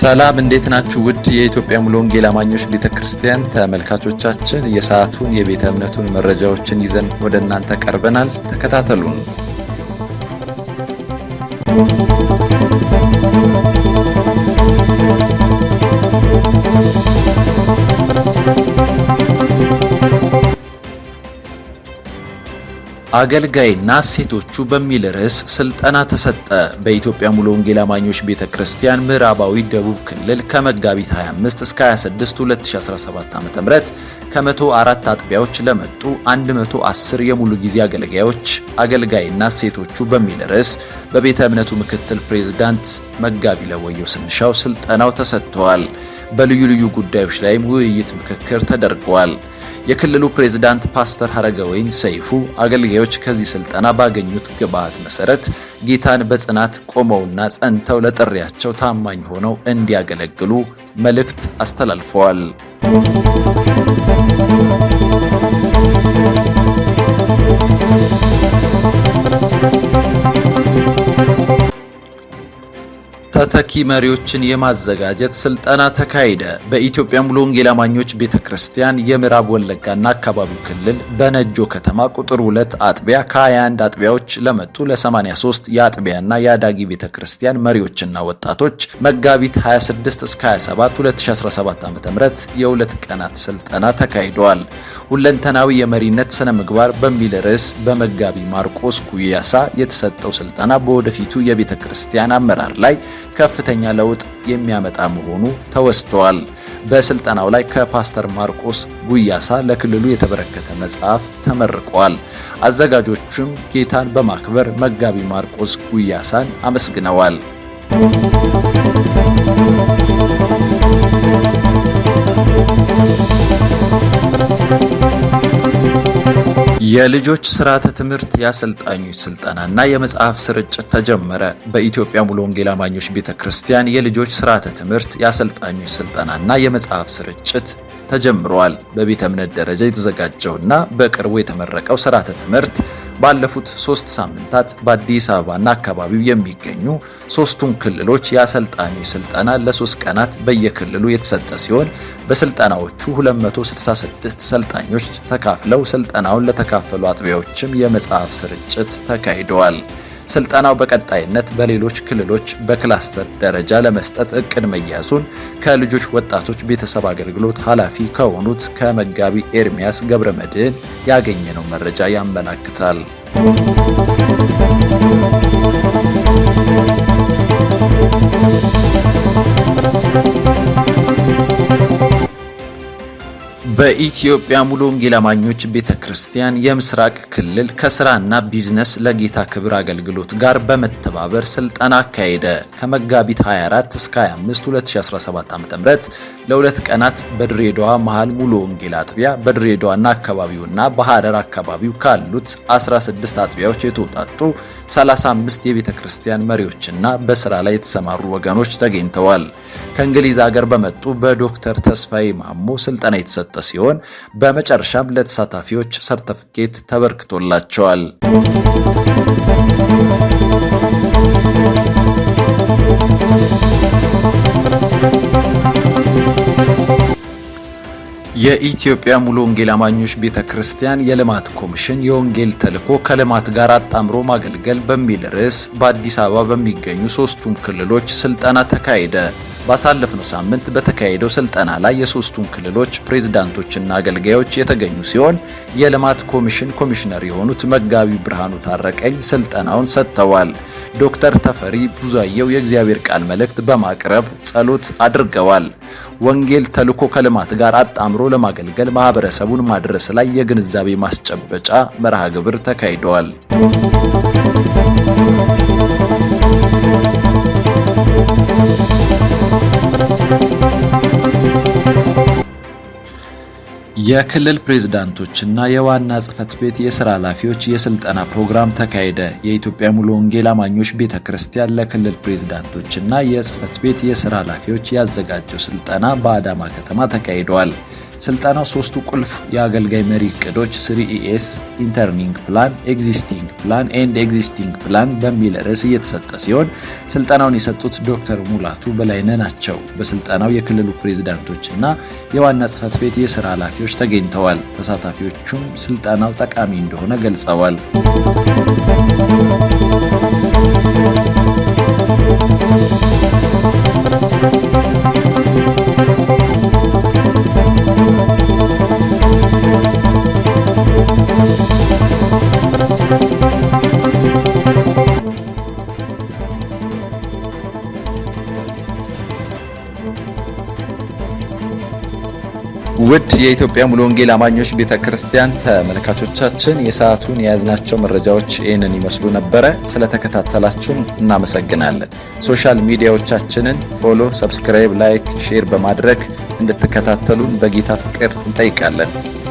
ሰላም እንዴት ናችሁ? ውድ የኢትዮጵያ ሙሉ ወንጌል አማኞች ቤተ ክርስቲያን ተመልካቾቻችን የሰዓቱን የቤተ እምነቱን መረጃዎችን ይዘን ወደ እናንተ ቀርበናል። ተከታተሉን። አገልጋይና ሴቶቹ በሚል ርዕስ ስልጠና ተሰጠ። በኢትዮጵያ ሙሉ ወንጌል አማኞች ቤተ ክርስቲያን ምዕራባዊ ደቡብ ክልል ከመጋቢት 25 እስከ 26 2017 ዓ.ም ከ104 አጥቢያዎች ለመጡ 110 የሙሉ ጊዜ አገልጋዮች አገልጋይና ሴቶቹ በሚል ርዕስ በቤተ እምነቱ ምክትል ፕሬዝዳንት መጋቢ ለወየው ስንሻው ስልጠናው ተሰጥተዋል። በልዩ ልዩ ጉዳዮች ላይም ውይይት፣ ምክክር ተደርጓል። የክልሉ ፕሬዝዳንት ፓስተር ሀረገወይን ሰይፉ አገልጋዮች ከዚህ ስልጠና ባገኙት ግብዓት መሰረት ጌታን በጽናት ቆመውና ጸንተው ለጥሪያቸው ታማኝ ሆነው እንዲያገለግሉ መልእክት አስተላልፈዋል። መሪዎችን የማዘጋጀት ስልጠና ተካሄደ። በኢትዮጵያ ሙሉ ወንጌል አማኞች ቤተ ክርስቲያን የምዕራብ ወለጋና አካባቢው ክልል በነጆ ከተማ ቁጥር ሁለት አጥቢያ ከ21 አጥቢያዎች ለመጡ ለ83 የአጥቢያና የአዳጊ ቤተ ክርስቲያን መሪዎችና ወጣቶች መጋቢት 26 እስከ 27 2017 ዓ ም የሁለት ቀናት ስልጠና ተካሂደዋል። ሁለንተናዊ የመሪነት ስነ ምግባር በሚል ርዕስ በመጋቢ ማርቆስ ኩያሳ የተሰጠው ስልጠና በወደፊቱ የቤተ ክርስቲያን አመራር ላይ ከፍ። ከፍተኛ ለውጥ የሚያመጣ መሆኑ ተወስተዋል። በስልጠናው ላይ ከፓስተር ማርቆስ ጉያሳ ለክልሉ የተበረከተ መጽሐፍ ተመርቋል። አዘጋጆቹም ጌታን በማክበር መጋቢ ማርቆስ ጉያሳን አመስግነዋል። የልጆች ስርዓተ ትምህርት የአሰልጣኞች ስልጠናና የመጽሐፍ ስርጭት ተጀመረ። በኢትዮጵያ ሙሉ ወንጌል አማኞች ቤተ ክርስቲያን የልጆች ስርዓተ ትምህርት የአሰልጣኞች ስልጠናና የመጽሐፍ ስርጭት ተጀምረዋል። በቤተ እምነት ደረጃ የተዘጋጀውና በቅርቡ የተመረቀው ስርዓተ ትምህርት ባለፉት ሶስት ሳምንታት በአዲስ አበባና አካባቢው የሚገኙ ሶስቱን ክልሎች የአሰልጣኞች ስልጠና ለሶስት ቀናት በየክልሉ የተሰጠ ሲሆን በስልጠናዎቹ 266 ሰልጣኞች ተካፍለው ስልጠናውን ለተካፈሉ አጥቢያዎችም የመጽሐፍ ስርጭት ተካሂደዋል። ስልጠናው በቀጣይነት በሌሎች ክልሎች በክላስተር ደረጃ ለመስጠት እቅድ መያዙን ከልጆች ወጣቶች ቤተሰብ አገልግሎት ኃላፊ ከሆኑት ከመጋቢ ኤርሚያስ ገብረ መድህን ያገኘነው መረጃ ያመላክታል። በኢትዮጵያ ሙሉ ወንጌል አማኞች ቤተ ክርስቲያን የምስራቅ ክልል ከስራና ቢዝነስ ለጌታ ክብር አገልግሎት ጋር በመተባበር ስልጠና አካሄደ። ከመጋቢት 24 እስከ 25 2017 ዓ.ም ለሁለት ቀናት በድሬዳዋ መሃል ሙሉ ወንጌል አጥቢያ በድሬዳዋና አካባቢውና በሐረር አካባቢው ካሉት 16 አጥቢያዎች የተውጣጡ 35 የቤተ ክርስቲያን መሪዎችና በስራ ላይ የተሰማሩ ወገኖች ተገኝተዋል። ከእንግሊዝ ሀገር በመጡ በዶክተር ተስፋዬ ማሞ ስልጠና የተሰጠ ሲሆን በመጨረሻም ለተሳታፊዎች ሰርተፍኬት ተበርክቶላቸዋል። የኢትዮጵያ ሙሉ ወንጌል አማኞች ቤተ ክርስቲያን የልማት ኮሚሽን የወንጌል ተልዕኮ ከልማት ጋር አጣምሮ ማገልገል በሚል ርዕስ በአዲስ አበባ በሚገኙ ሶስቱም ክልሎች ስልጠና ተካሄደ። ባሳለፍነው ሳምንት በተካሄደው ስልጠና ላይ የሶስቱን ክልሎች ፕሬዝዳንቶችና አገልጋዮች የተገኙ ሲሆን የልማት ኮሚሽን ኮሚሽነር የሆኑት መጋቢ ብርሃኑ ታረቀኝ ስልጠናውን ሰጥተዋል። ዶክተር ተፈሪ ቡዛየው የእግዚአብሔር ቃል መልእክት በማቅረብ ጸሎት አድርገዋል። ወንጌል ተልኮ ከልማት ጋር አጣምሮ ለማገልገል ማህበረሰቡን ማድረስ ላይ የግንዛቤ ማስጨበጫ መርሃ ግብር ተካሂደዋል። የክልል እና የዋና ጽህፈት ቤት የሥራ ኃላፊዎች የሥልጠና ፕሮግራም ተካሄደ። የኢትዮጵያ ሙሉ ወንጌል አማኞች ቤተ ክርስቲያን ለክልል እና የጽህፈት ቤት የሥራ ኃላፊዎች ያዘጋጀው ሥልጠና በአዳማ ከተማ ተካሂደዋል። ስልጠናው ሶስቱ ቁልፍ የአገልጋይ መሪ እቅዶች ስሪ ኢኤስ ኢንተርኒንግ ፕላን፣ ኤግዚስቲንግ ፕላን ኤንድ ኤግዚስቲንግ ፕላን በሚል ርዕስ እየተሰጠ ሲሆን ስልጠናውን የሰጡት ዶክተር ሙላቱ በላይነ ናቸው። በስልጠናው የክልሉ እና የዋና ጽህፈት ቤት የስራ ኃላፊዎች ተገኝተዋል። ተሳታፊዎቹም ስልጠናው ጠቃሚ እንደሆነ ገልጸዋል። ውድ የኢትዮጵያ ሙሉ ወንጌል አማኞች ቤተ ክርስቲያን ተመልካቾቻችን የሰዓቱን የያዝናቸው መረጃዎች ይህንን ይመስሉ ነበረ። ስለተከታተላችሁን እናመሰግናለን። ሶሻል ሚዲያዎቻችንን ፎሎ፣ ሰብስክራይብ፣ ላይክ፣ ሼር በማድረግ እንድትከታተሉን በጌታ ፍቅር እንጠይቃለን።